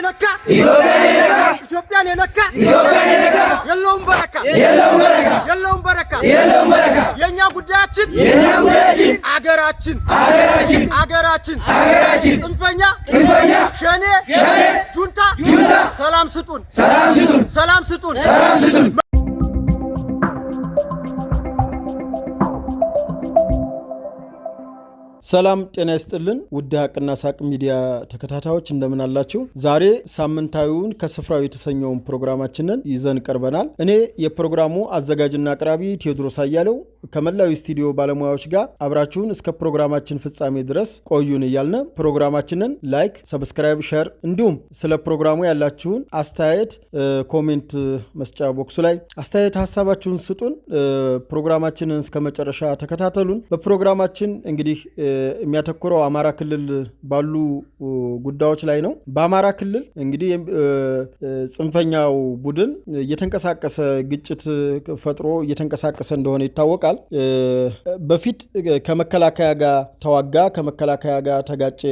የነካ ኢትዮጵያን የነካ የለውም በረካ የለውም በረካ። የኛ ጉዳያችን አገራችን አገራችን ጽንፈኛ ሸኔ ጁንታ ሰላም ስጡን ሰላም ስጡን ሰላም ጤና ይስጥልን ውድ ሀቅና ሳቅ ሚዲያ ተከታታዮች እንደምን አላችሁ? ዛሬ ሳምንታዊውን ከስፍራው የተሰኘውን ፕሮግራማችንን ይዘን ቀርበናል። እኔ የፕሮግራሙ አዘጋጅና አቅራቢ ቴዎድሮስ አያሌው ከመላው ስቱዲዮ ባለሙያዎች ጋር አብራችሁን እስከ ፕሮግራማችን ፍጻሜ ድረስ ቆዩን እያልን ፕሮግራማችንን ላይክ፣ ሰብስክራይብ፣ ሸር እንዲሁም ስለ ፕሮግራሙ ያላችሁን አስተያየት ኮሜንት መስጫ ቦክሱ ላይ አስተያየት ሀሳባችሁን ስጡን። ፕሮግራማችንን እስከ መጨረሻ ተከታተሉን። በፕሮግራማችን እንግዲህ የሚያተኩረው አማራ ክልል ባሉ ጉዳዮች ላይ ነው። በአማራ ክልል እንግዲህ ጽንፈኛው ቡድን እየተንቀሳቀሰ ግጭት ፈጥሮ እየተንቀሳቀሰ እንደሆነ ይታወቃል። በፊት ከመከላከያ ጋር ተዋጋ፣ ከመከላከያ ጋር ተጋጨ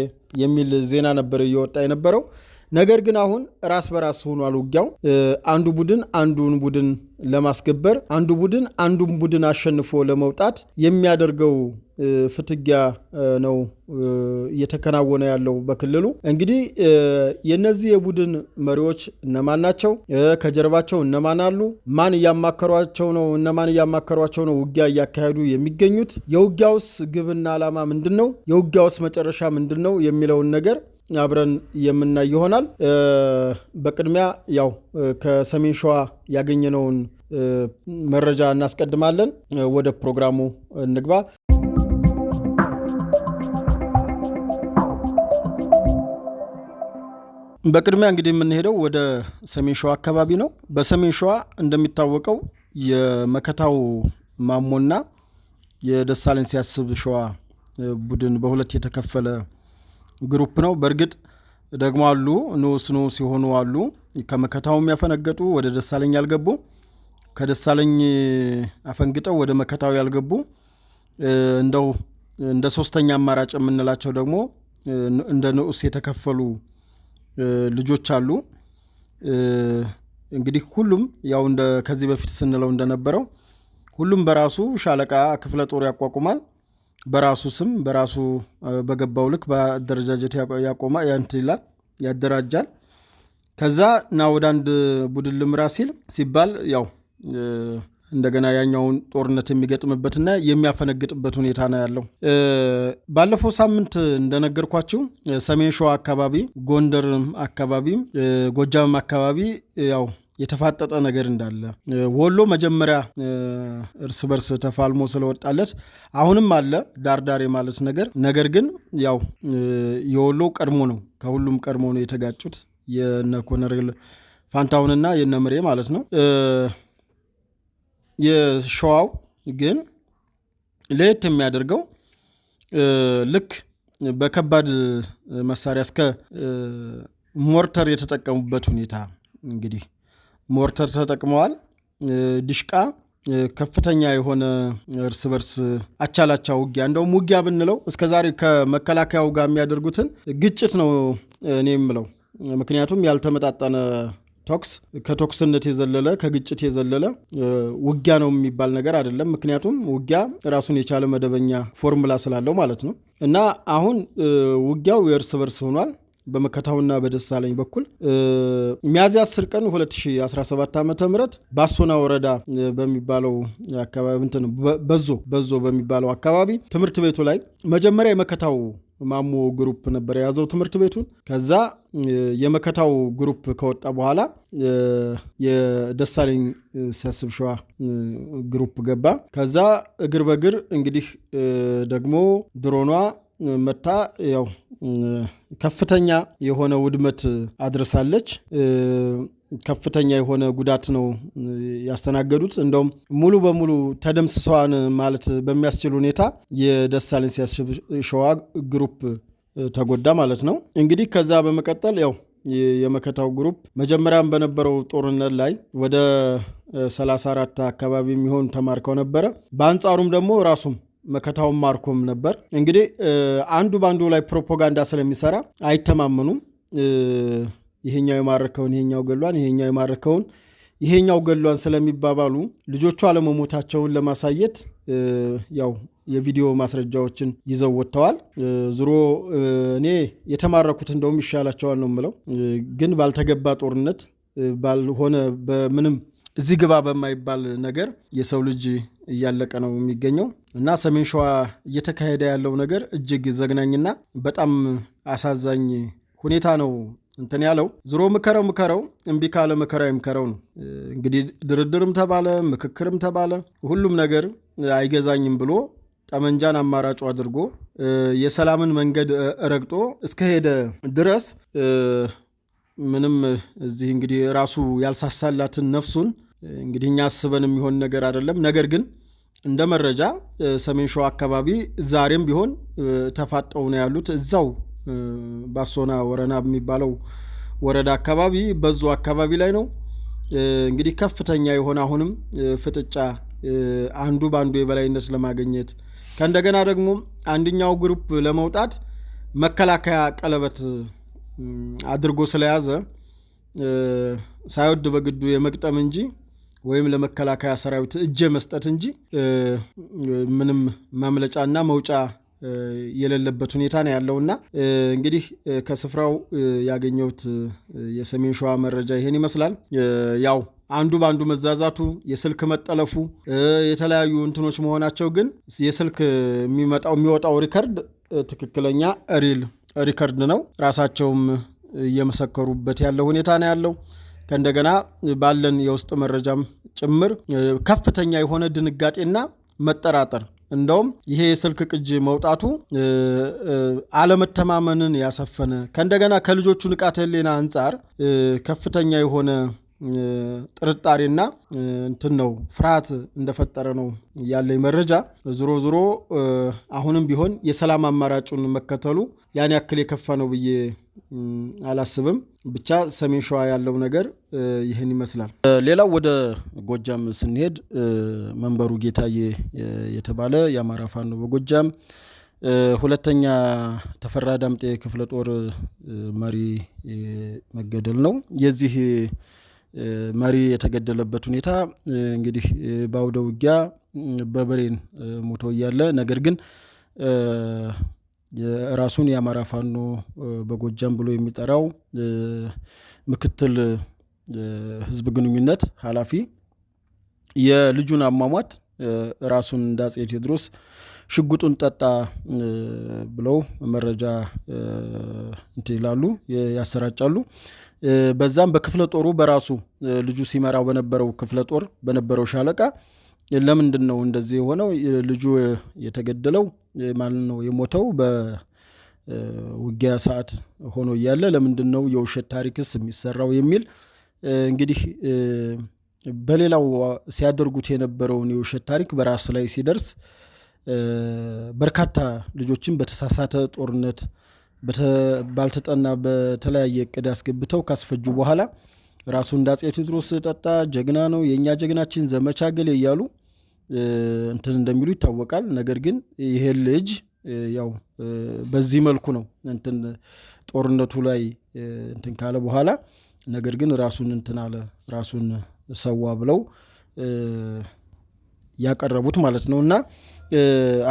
የሚል ዜና ነበር እየወጣ የነበረው። ነገር ግን አሁን ራስ በራስ ሆኗል ውጊያው። አንዱ ቡድን አንዱን ቡድን ለማስገበር አንዱ ቡድን አንዱን ቡድን አሸንፎ ለመውጣት የሚያደርገው ፍትጊያ ነው እየተከናወነ ያለው በክልሉ። እንግዲህ የነዚህ የቡድን መሪዎች እነማን ናቸው? ከጀርባቸው እነማን አሉ? ማን እያማከሯቸው ነው? እነማን እያማከሯቸው ነው ውጊያ እያካሄዱ የሚገኙት? የውጊያውስ ግብና ዓላማ ምንድን ነው? የውጊያውስ መጨረሻ ምንድን ነው የሚለውን ነገር አብረን የምናይ ይሆናል። በቅድሚያ ያው ከሰሜን ሸዋ ያገኘነውን መረጃ እናስቀድማለን። ወደ ፕሮግራሙ እንግባ። በቅድሚያ እንግዲህ የምንሄደው ወደ ሰሜን ሸዋ አካባቢ ነው። በሰሜን ሸዋ እንደሚታወቀው የመከታው ማሞና የደሳለኝ ሲያስብ ሸዋ ቡድን በሁለት የተከፈለ ግሩፕ ነው። በእርግጥ ደግሞ አሉ ንዑስ ንዑስ የሆኑ አሉ። ከመከታውም ያፈነገጡ ወደ ደሳለኝ ያልገቡ፣ ከደሳለኝ አፈንግጠው ወደ መከታው ያልገቡ እንደው እንደ ሶስተኛ አማራጭ የምንላቸው ደግሞ እንደ ንዑስ የተከፈሉ ልጆች አሉ። እንግዲህ ሁሉም ያው እንደ ከዚህ በፊት ስንለው እንደነበረው ሁሉም በራሱ ሻለቃ ክፍለ ጦር ያቋቁማል። በራሱ ስም በራሱ በገባው ልክ በአደረጃጀት ያቆማ ያንት ይላል ያደራጃል። ከዛ ና ወደ አንድ ቡድን ልምራ ሲል ሲባል ያው እንደገና ያኛውን ጦርነት የሚገጥምበትና የሚያፈነግጥበት ሁኔታ ነው ያለው። ባለፈው ሳምንት እንደነገርኳችሁ ሰሜን ሸዋ አካባቢ፣ ጎንደርም አካባቢ፣ ጎጃምም አካባቢ ያው የተፋጠጠ ነገር እንዳለ ወሎ መጀመሪያ እርስ በርስ ተፋልሞ ስለወጣለት አሁንም አለ ዳርዳር የማለት ነገር። ነገር ግን ያው የወሎ ቀድሞ ነው ከሁሉም ቀድሞ ነው የተጋጩት የነ ኮነሬል ፋንታሁንና የነ ምሬ ማለት ነው። የሸዋው ግን ለየት የሚያደርገው ልክ በከባድ መሳሪያ እስከ ሞርተር የተጠቀሙበት ሁኔታ እንግዲህ ሞርተር ተጠቅመዋል። ዲሽቃ ከፍተኛ የሆነ እርስ በርስ አቻላቻ ውጊያ እንደውም ውጊያ ብንለው እስከዛሬ ከመከላከያው ጋር የሚያደርጉትን ግጭት ነው እኔ የምለው። ምክንያቱም ያልተመጣጠነ ተኩስ ከተኩስነት የዘለለ ከግጭት የዘለለ ውጊያ ነው የሚባል ነገር አይደለም። ምክንያቱም ውጊያ ራሱን የቻለ መደበኛ ፎርሙላ ስላለው ማለት ነው። እና አሁን ውጊያው የእርስ በርስ ሆኗል። በመከታውና በደሳለኝ በኩል ሚያዝያ 10 ቀን 2017 ዓ ም ባሶና ወረዳ በሚባለው አካባቢ እንትን በዞ በዞ በሚባለው አካባቢ ትምህርት ቤቱ ላይ መጀመሪያ የመከታው ማሞ ግሩፕ ነበር የያዘው ትምህርት ቤቱን። ከዛ የመከታው ግሩፕ ከወጣ በኋላ የደሳለኝ ሲያስብ ሸዋ ግሩፕ ገባ። ከዛ እግር በግር እንግዲህ ደግሞ ድሮኗ መታ ያው ከፍተኛ የሆነ ውድመት አድርሳለች። ከፍተኛ የሆነ ጉዳት ነው ያስተናገዱት። እንደውም ሙሉ በሙሉ ተደምስሰዋን ማለት በሚያስችል ሁኔታ የደሳለኝ ሲያሸዋ ግሩፕ ተጎዳ ማለት ነው። እንግዲህ ከዛ በመቀጠል ያው የመከታው ግሩፕ መጀመሪያም በነበረው ጦርነት ላይ ወደ 34 አካባቢ የሚሆን ተማርከው ነበረ። በአንጻሩም ደግሞ ራሱም መከታውን ማርኮም ነበር። እንግዲህ አንዱ በአንዱ ላይ ፕሮፓጋንዳ ስለሚሰራ አይተማመኑም። ይሄኛው የማረከውን ይሄኛው ገሏን፣ ይሄኛው የማረከውን ይሄኛው ገሏን ስለሚባባሉ ልጆቹ አለመሞታቸውን ለማሳየት ያው የቪዲዮ ማስረጃዎችን ይዘው ወጥተዋል። ዝሮ እኔ የተማረኩት እንደውም ይሻላቸዋል ነው የምለው። ግን ባልተገባ ጦርነት ባልሆነ በምንም እዚህ ግባ በማይባል ነገር የሰው ልጅ እያለቀ ነው የሚገኘው እና ሰሜን ሸዋ እየተካሄደ ያለው ነገር እጅግ ዘግናኝና በጣም አሳዛኝ ሁኔታ ነው እንትን ያለው ዝሮ ምከረው ምከረው እምቢ ካለ ምከረው ይምከረው ነው እንግዲህ። ድርድርም ተባለ ምክክርም ተባለ ሁሉም ነገር አይገዛኝም ብሎ ጠመንጃን አማራጩ አድርጎ የሰላምን መንገድ ረግጦ እስከሄደ ድረስ ምንም እዚህ እንግዲህ ራሱ ያልሳሳላትን ነፍሱን እንግዲህ እኛ አስበን የሚሆን ነገር አይደለም። ነገር ግን እንደ መረጃ ሰሜን ሸዋ አካባቢ ዛሬም ቢሆን ተፋጠው ነው ያሉት እዛው ባሶና ወረና የሚባለው ወረዳ አካባቢ በዙ አካባቢ ላይ ነው እንግዲህ ከፍተኛ የሆነ አሁንም ፍጥጫ አንዱ በአንዱ የበላይነት ለማግኘት ከእንደገና ደግሞ አንድኛው ግሩፕ ለመውጣት መከላከያ ቀለበት አድርጎ ስለያዘ ሳይወድ በግዱ የመግጠም እንጂ ወይም ለመከላከያ ሰራዊት እጅ መስጠት እንጂ ምንም መምለጫና መውጫ የሌለበት ሁኔታ ነው እና እንግዲህ ከስፍራው ያገኘሁት የሰሜን ሸዋ መረጃ ይሄን ይመስላል። ያው አንዱ በአንዱ መዛዛቱ የስልክ መጠለፉ የተለያዩ እንትኖች መሆናቸው ግን የስልክ የሚመጣው የሚወጣው ሪከርድ ትክክለኛ ሪል ሪከርድ ነው። ራሳቸውም እየመሰከሩበት ያለው ሁኔታ ነው ያለው። ከእንደገና ባለን የውስጥ መረጃም ጭምር ከፍተኛ የሆነ ድንጋጤና መጠራጠር እንደውም ይሄ የስልክ ቅጂ መውጣቱ አለመተማመንን ያሰፈነ ከእንደገና ከልጆቹ ንቃተ ህሊና አንጻር ከፍተኛ የሆነ ጥርጣሬና እንትን ነው ፍርሃት እንደፈጠረ ነው ያለኝ መረጃ። ዝሮ ዝሮ አሁንም ቢሆን የሰላም አማራጩን መከተሉ ያን ያክል የከፋ ነው ብዬ አላስብም። ብቻ ሰሜን ሸዋ ያለው ነገር ይህን ይመስላል። ሌላው ወደ ጎጃም ስንሄድ መንበሩ ጌታዬ የተባለ የአማራ ፋኖ በጎጃም ሁለተኛ ተፈራ ዳምጤ ክፍለ ጦር መሪ መገደል ነው። የዚህ መሪ የተገደለበት ሁኔታ እንግዲህ በአውደ ውጊያ በብሬን ሞቶ እያለ ነገር ግን ራሱን የአማራ ፋኖ በጎጃም ብሎ የሚጠራው ምክትል ህዝብ ግንኙነት ኃላፊ የልጁን አሟሟት ራሱን እንደ አፄ ቴዎድሮስ ሽጉጡን ጠጣ ብለው መረጃ እንትን ይላሉ ያሰራጫሉ። በዛም በክፍለ ጦሩ በራሱ ልጁ ሲመራው በነበረው ክፍለ ጦር በነበረው ሻለቃ ለምንድን ነው እንደዚህ የሆነው ልጁ የተገደለው ማለት ነው የሞተው በውጊያ ሰዓት ሆኖ እያለ ለምንድን ነው የውሸት ታሪክስ የሚሰራው የሚል እንግዲህ በሌላው ሲያደርጉት የነበረውን የውሸት ታሪክ በራስ ላይ ሲደርስ በርካታ ልጆችን በተሳሳተ ጦርነት ባልተጠና በተለያየ እቅድ አስገብተው ካስፈጁ በኋላ ራሱ እንደ አፄ ቴዎድሮስ ጠጣ ጀግና ነው የእኛ ጀግናችን ዘመቻ ገሌ እያሉ እንትን እንደሚሉ ይታወቃል። ነገር ግን ይሄ ልጅ ያው በዚህ መልኩ ነው እንትን ጦርነቱ ላይ እንትን ካለ በኋላ ነገር ግን ራሱን እንትን አለ ራሱን ሰዋ ብለው ያቀረቡት ማለት ነው። እና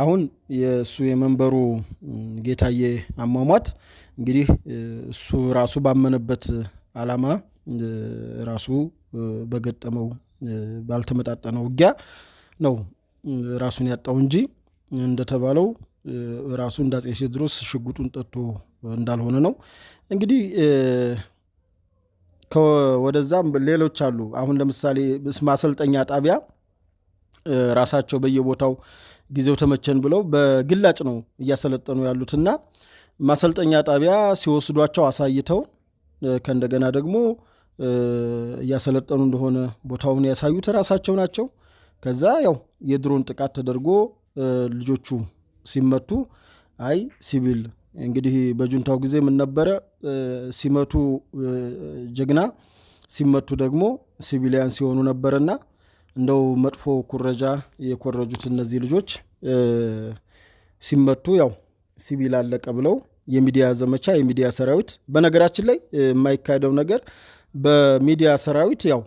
አሁን የእሱ የመንበሩ ጌታዬ አሟሟት እንግዲህ እሱ ራሱ ባመነበት ዓላማ ራሱ በገጠመው ባልተመጣጠነው ውጊያ ነው ራሱን ያጣው እንጂ እንደተባለው ራሱ እንደ አፄ ቴዎድሮስ ሽጉጡን ጠጥቶ እንዳልሆነ ነው። እንግዲህ ወደዛም ሌሎች አሉ። አሁን ለምሳሌ ማሰልጠኛ ጣቢያ ራሳቸው በየቦታው ጊዜው ተመቸን ብለው በግላጭ ነው እያሰለጠኑ ያሉትና ማሰልጠኛ ጣቢያ ሲወስዷቸው አሳይተው ከእንደገና ደግሞ እያሰለጠኑ እንደሆነ ቦታውን ያሳዩት ራሳቸው ናቸው። ከዛ ያው የድሮን ጥቃት ተደርጎ ልጆቹ ሲመቱ አይ ሲቪል እንግዲህ በጁንታው ጊዜ ምን ነበረ ሲመቱ ጀግና ሲመቱ ደግሞ ሲቪሊያን ሲሆኑ ነበርና እንደው መጥፎ ኩረጃ የኮረጁት እነዚህ ልጆች ሲመቱ ያው ሲቪል አለቀ ብለው የሚዲያ ዘመቻ የሚዲያ ሰራዊት በነገራችን ላይ የማይካሄደው ነገር በሚዲያ ሰራዊት ያው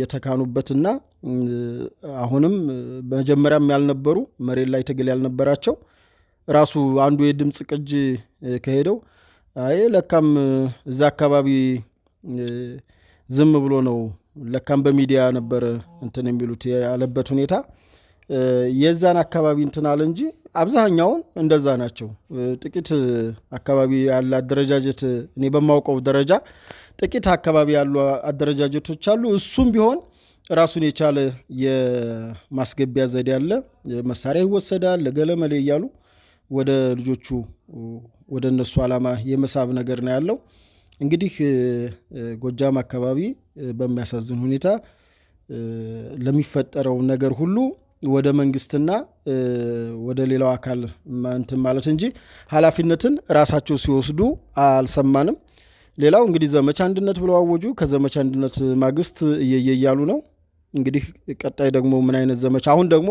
የተካኑበትና አሁንም መጀመሪያም ያልነበሩ መሬት ላይ ትግል ያልነበራቸው ራሱ አንዱ የድምፅ ቅጅ ከሄደው አይ ለካም እዛ አካባቢ ዝም ብሎ ነው ለካም በሚዲያ ነበር እንትን የሚሉት ያለበት ሁኔታ የዛን አካባቢ እንትን አለ እንጂ አብዛኛውን እንደዛ ናቸው። ጥቂት አካባቢ ያለ አደረጃጀት እኔ በማውቀው ደረጃ ጥቂት አካባቢ ያሉ አደረጃጀቶች አሉ። እሱም ቢሆን ራሱን የቻለ የማስገቢያ ዘዴ አለ። መሳሪያ ይወሰዳል ለገለመሌ እያሉ ወደ ልጆቹ ወደ እነሱ ዓላማ የመሳብ ነገር ነው ያለው። እንግዲህ ጎጃም አካባቢ በሚያሳዝን ሁኔታ ለሚፈጠረው ነገር ሁሉ ወደ መንግስትና ወደ ሌላው አካል እንትን ማለት እንጂ ኃላፊነትን ራሳቸው ሲወስዱ አልሰማንም። ሌላው እንግዲህ ዘመቻ አንድነት ብለው አወጁ። ከዘመቻ አንድነት ማግስት እየየ እያሉ ነው። እንግዲህ ቀጣይ ደግሞ ምን አይነት ዘመቻ አሁን ደግሞ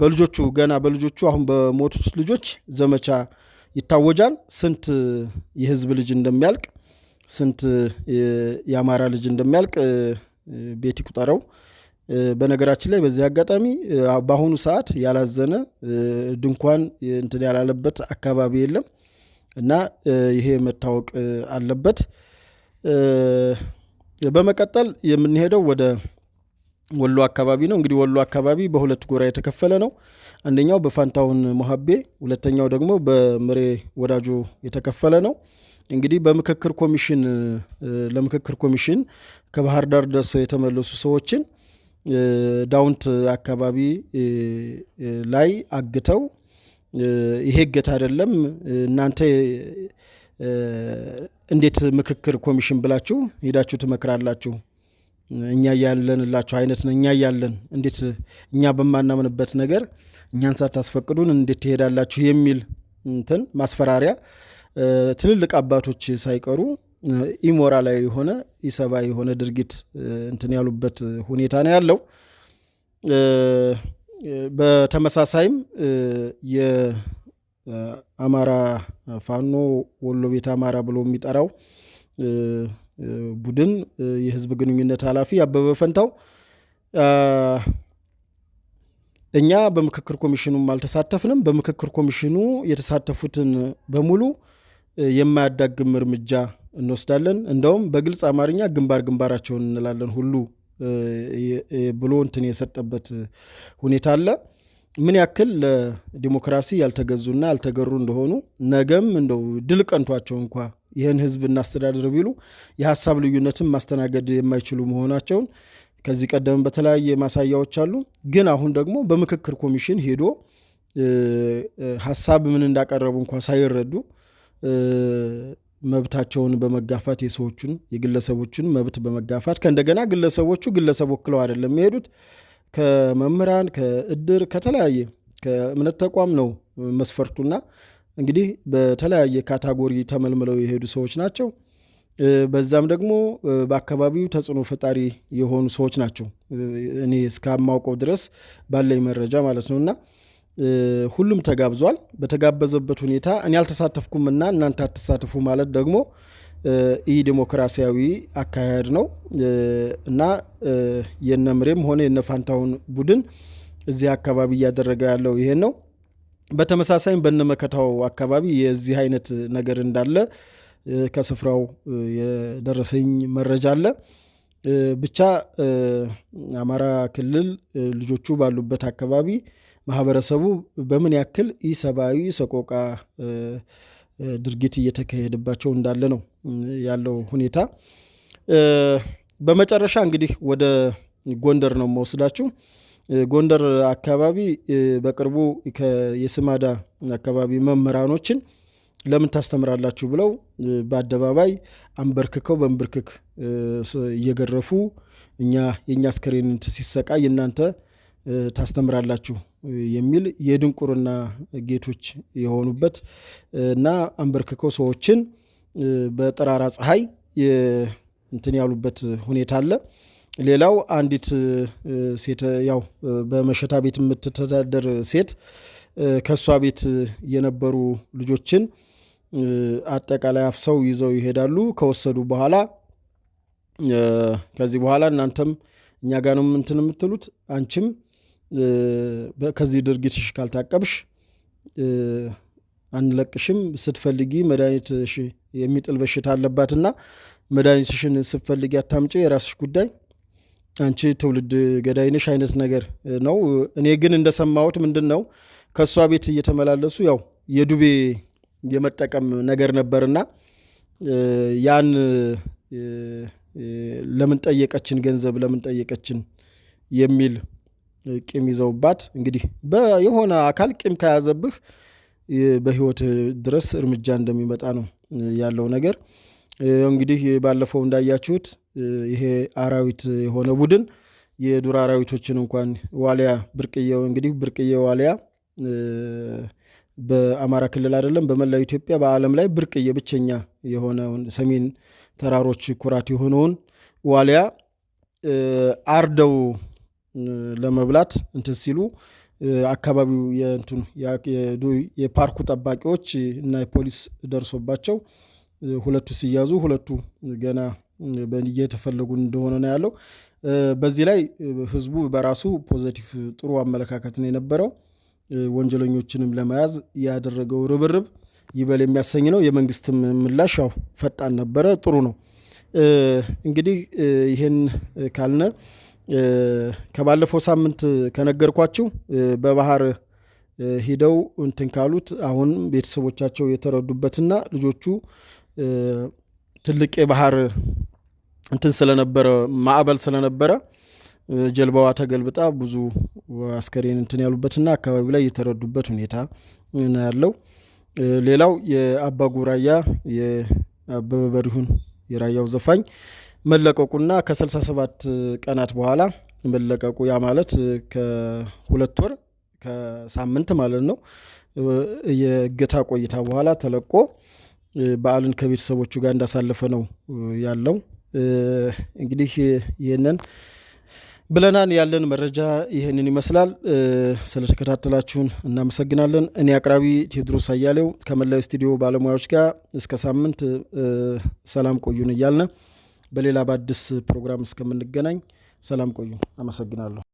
በልጆቹ ገና በልጆቹ አሁን በሞቱት ልጆች ዘመቻ ይታወጃል። ስንት የህዝብ ልጅ እንደሚያልቅ ስንት የአማራ ልጅ እንደሚያልቅ ቤት ይቁጠረው። በነገራችን ላይ በዚህ አጋጣሚ በአሁኑ ሰዓት ያላዘነ ድንኳን እንትን ያላለበት አካባቢ የለም እና ይሄ መታወቅ አለበት። በመቀጠል የምንሄደው ወደ ወሎ አካባቢ ነው። እንግዲህ ወሎ አካባቢ በሁለት ጎራ የተከፈለ ነው። አንደኛው በፋንታሁን ሞሀቤ፣ ሁለተኛው ደግሞ በምሬ ወዳጆ የተከፈለ ነው። እንግዲህ በምክክር ኮሚሽን ለምክክር ኮሚሽን ከባህር ዳር ደርሰው የተመለሱ ሰዎችን ዳውንት አካባቢ ላይ አግተው ይሄ እገታ አይደለም እናንተ እንዴት ምክክር ኮሚሽን ብላችሁ ሄዳችሁ ትመክራላችሁ? እኛ ያለንላችሁ አይነት ነው። እኛ ያለን እንዴት እኛ በማናምንበት ነገር እኛን ሳታስፈቅዱን እንዴት ትሄዳላችሁ? የሚል እንትን ማስፈራሪያ ትልልቅ አባቶች ሳይቀሩ ኢሞራላዊ የሆነ ኢሰባ የሆነ ድርጊት እንትን ያሉበት ሁኔታ ነው ያለው። በተመሳሳይም የአማራ ፋኖ ወሎ ቤት አማራ ብሎ የሚጠራው ቡድን የህዝብ ግንኙነት ኃላፊ አበበ ፈንታው እኛ በምክክር ኮሚሽኑም አልተሳተፍንም፣ በምክክር ኮሚሽኑ የተሳተፉትን በሙሉ የማያዳግም እርምጃ እንወስዳለን። እንደውም በግልጽ አማርኛ ግንባር ግንባራቸውን እንላለን ሁሉ ብሎ እንትን የሰጠበት ሁኔታ አለ። ምን ያክል ለዲሞክራሲ ያልተገዙና ያልተገሩ እንደሆኑ ነገም እንደው ድል ቀንቷቸው እንኳ ይህን ህዝብ እናስተዳድር ቢሉ የሀሳብ ልዩነትን ማስተናገድ የማይችሉ መሆናቸውን ከዚህ ቀደም በተለያየ ማሳያዎች አሉ። ግን አሁን ደግሞ በምክክር ኮሚሽን ሄዶ ሀሳብ ምን እንዳቀረቡ እንኳ ሳይረዱ መብታቸውን በመጋፋት የሰዎቹን የግለሰቦችን መብት በመጋፋት ከእንደገና ግለሰቦቹ ግለሰብ ወክለው አይደለም የሚሄዱት ከመምህራን ከእድር ከተለያየ ከእምነት ተቋም ነው መስፈርቱና እንግዲህ በተለያየ ካታጎሪ ተመልምለው የሄዱ ሰዎች ናቸው። በዛም ደግሞ በአካባቢው ተጽዕኖ ፈጣሪ የሆኑ ሰዎች ናቸው። እኔ እስከማውቀው ድረስ ባለኝ መረጃ ማለት ነውና ሁሉም ተጋብዟል። በተጋበዘበት ሁኔታ እኔ አልተሳተፍኩም እና እናንተ አትሳተፉ ማለት ደግሞ ይህ ዲሞክራሲያዊ አካሄድ ነው እና የነምሬም ሆነ የነፋንታውን ቡድን እዚህ አካባቢ እያደረገ ያለው ይሄን ነው። በተመሳሳይም በነመከታው አካባቢ የዚህ አይነት ነገር እንዳለ ከስፍራው የደረሰኝ መረጃ አለ። ብቻ አማራ ክልል ልጆቹ ባሉበት አካባቢ ማህበረሰቡ በምን ያክል ኢሰብአዊ ሰቆቃ ድርጊት እየተካሄደባቸው እንዳለ ነው ያለው ሁኔታ። በመጨረሻ እንግዲህ ወደ ጎንደር ነው መወስዳችሁ። ጎንደር አካባቢ በቅርቡ የስማዳ አካባቢ መምህራኖችን ለምን ታስተምራላችሁ ብለው በአደባባይ አንበርክከው በንብርክክ እየገረፉ እኛ የእኛ አስከሬን ሲሰቃይ እናንተ ታስተምራላችሁ የሚል የድንቁርና ጌቶች የሆኑበት እና አንበርክከው ሰዎችን በጠራራ ፀሐይ እንትን ያሉበት ሁኔታ አለ። ሌላው አንዲት ሴት ያው በመሸታ ቤት የምትተዳደር ሴት ከእሷ ቤት የነበሩ ልጆችን አጠቃላይ አፍሰው ይዘው ይሄዳሉ። ከወሰዱ በኋላ ከዚህ በኋላ እናንተም እኛ ጋር ነው እንትን የምትሉት አንቺም ከዚህ ድርጊትሽ ካልታቀብሽ አንለቅሽም፣ ስትፈልጊ መድኃኒት የሚጥል በሽታ አለባትና መድኃኒትሽን ስትፈልጊ አታምጪ፣ የራስሽ ጉዳይ፣ አንቺ ትውልድ ገዳይነሽ አይነት ነገር ነው። እኔ ግን እንደሰማሁት ምንድን ነው ከእሷ ቤት እየተመላለሱ ያው የዱቤ የመጠቀም ነገር ነበርና ያን ለምን ጠየቀችን ገንዘብ ለምን ጠየቀችን የሚል ቂም ይዘውባት እንግዲህ የሆነ አካል ቂም ከያዘብህ በህይወት ድረስ እርምጃ እንደሚመጣ ነው ያለው ነገር። እንግዲህ ባለፈው እንዳያችሁት ይሄ አራዊት የሆነ ቡድን የዱር አራዊቶችን እንኳን ዋሊያ ብርቅዬ እንግዲህ ብርቅዬ ዋሊያ በአማራ ክልል አይደለም በመላው ኢትዮጵያ በዓለም ላይ ብርቅዬ ብቸኛ የሆነውን ሰሜን ተራሮች ኩራት የሆነውን ዋሊያ አርደው ለመብላት እንትን ሲሉ አካባቢው የእንትኑ የፓርኩ ጠባቂዎች እና የፖሊስ ደርሶባቸው ሁለቱ ሲያዙ ሁለቱ ገና እየተፈለጉ እንደሆነ ነው ያለው። በዚህ ላይ ህዝቡ በራሱ ፖዘቲቭ ጥሩ አመለካከት ነው የነበረው። ወንጀለኞችንም ለመያዝ ያደረገው ርብርብ ይበል የሚያሰኝ ነው። የመንግስትም ምላሽ ያው ፈጣን ነበረ፣ ጥሩ ነው። እንግዲህ ይህን ካልነ ከባለፈው ሳምንት ከነገርኳችሁ በባህር ሂደው እንትን ካሉት አሁን ቤተሰቦቻቸው የተረዱበትና ልጆቹ ትልቅ የባህር እንትን ስለነበረ ማዕበል ስለነበረ ጀልባዋ ተገልብጣ ብዙ አስከሬን እንትን ያሉበትና አካባቢ ላይ የተረዱበት ሁኔታ ነው ያለው። ሌላው የአባ ጉራያ የአበበ በሪሁን የራያው ዘፋኝ መለቀቁና ከ67 ቀናት በኋላ መለቀቁ ያ ማለት ከሁለት ወር ከሳምንት ማለት ነው የእገታ ቆይታ በኋላ ተለቆ በዓልን ከቤተሰቦቹ ጋር እንዳሳለፈ ነው ያለው። እንግዲህ ይህንን ብለናን ያለን መረጃ ይህንን ይመስላል። ስለተከታተላችሁን እናመሰግናለን። እኔ አቅራቢ ቴዎድሮስ አያሌው ከመላው ስቱዲዮ ባለሙያዎች ጋር እስከ ሳምንት ሰላም ቆዩን እያልን በሌላ በአዲስ ፕሮግራም እስከምንገናኝ ሰላም ቆዩ። አመሰግናለሁ።